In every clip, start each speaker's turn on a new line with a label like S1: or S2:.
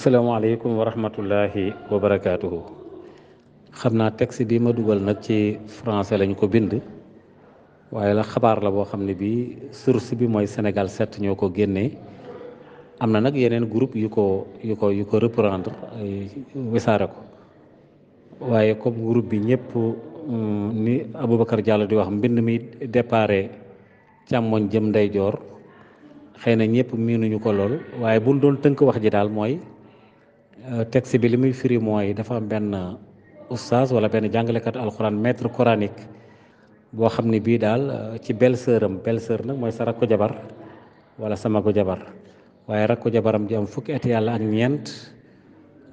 S1: asalaamaaleykum wa rahmatullahi wa barakaatuhu xam naa texte bi ma dugal nag ci français lañ ko bind waaye la xabaar la boo xam ne bii source bi mooy Sénégal 7 ñoo ko génnee am na nag yeneen groupe yu ko yu yu ko reprendre euh, wisaare ko waaye comme groupe bi ñëpp mm, ni Aboubacar Diallo di wax mbind mi déparé càmmoñ jëm ndeyjoor xëy na ñëpp miinuñu ko lool waaye buñ doon tënk wax ji daal mooy Euh, texte bi li muy firi mooy dafa am benn oustaz wala benn jàngalekat alxuraan metre coranique boo xam ne bii daal euh, ci belle-sœuram nag mooy sa rakku jabar wala sa magu jabar waaye rakku jabaram ji am fukki at yàlla ak ñeent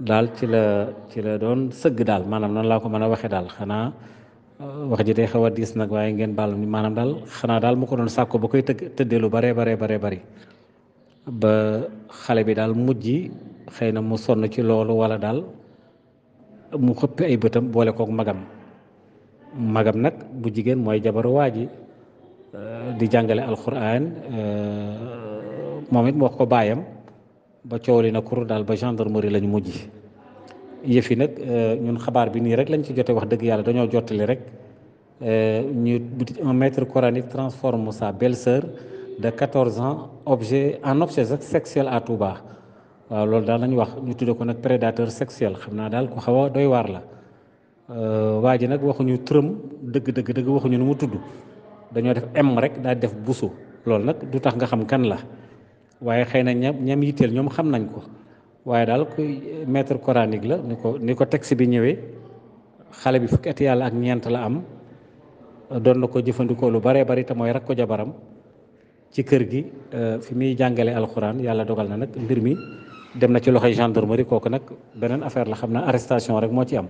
S1: daal ci la ci la doon sëgg daal maanaam noonu laa ko mën a waxee daal xanaa euh, wax ji day xaw a diis nag waaye ngeen baal maanam daal xanaa daal mu ko doon sàkko ba koy tëgg tëddee lu baree baree baree bari ba xale bi daal mujj xëy na mu sonn ci loolu wala daal mu xëppi ay bëtam boole kook magam magam nag bu jigéen mooy jabaru waa ji euh, di jàngale alxuraan euh, moom it mu wax ko baayam ba coow li na kur daal ba gendre gendarmerie lañu mujj yëf yi nag euh, ñun xabaar bi nii rek lañ ci jote wax dëgg yàlla dañoo jottali rek ñu un maître coranique transforme sa belle-sœur de 14 ans objet en objet sexuel à Touba waaw loolu daal lañ wax ñu tudde ko nag prédateur sexuel xam naa daal ku xaw doy waar la euh, waa ji nag waxuñu turam dëgg dëgg dëgg waxuñu nu mu tudd dañoo def m rek daal def busu loolu nag du tax nga xam kan la waaye xëy na ñam ñam yitteel ñoom xam nañ ko waaye daal kuy euh, maître coranique la ni ko ni ko texte bi ñëwee xale bi fukki at yàlla ak ñeent la am doon na ko jëfandikoo lu baree bari te mooy rak ko jabaram ci kër gi euh, fi muy jàngale alxuraan yàlla dogal na nag mbir mi dem na ci loxoy gendarmerie kooku nag beneen affaire la xam naa arrestation rek moo ci am.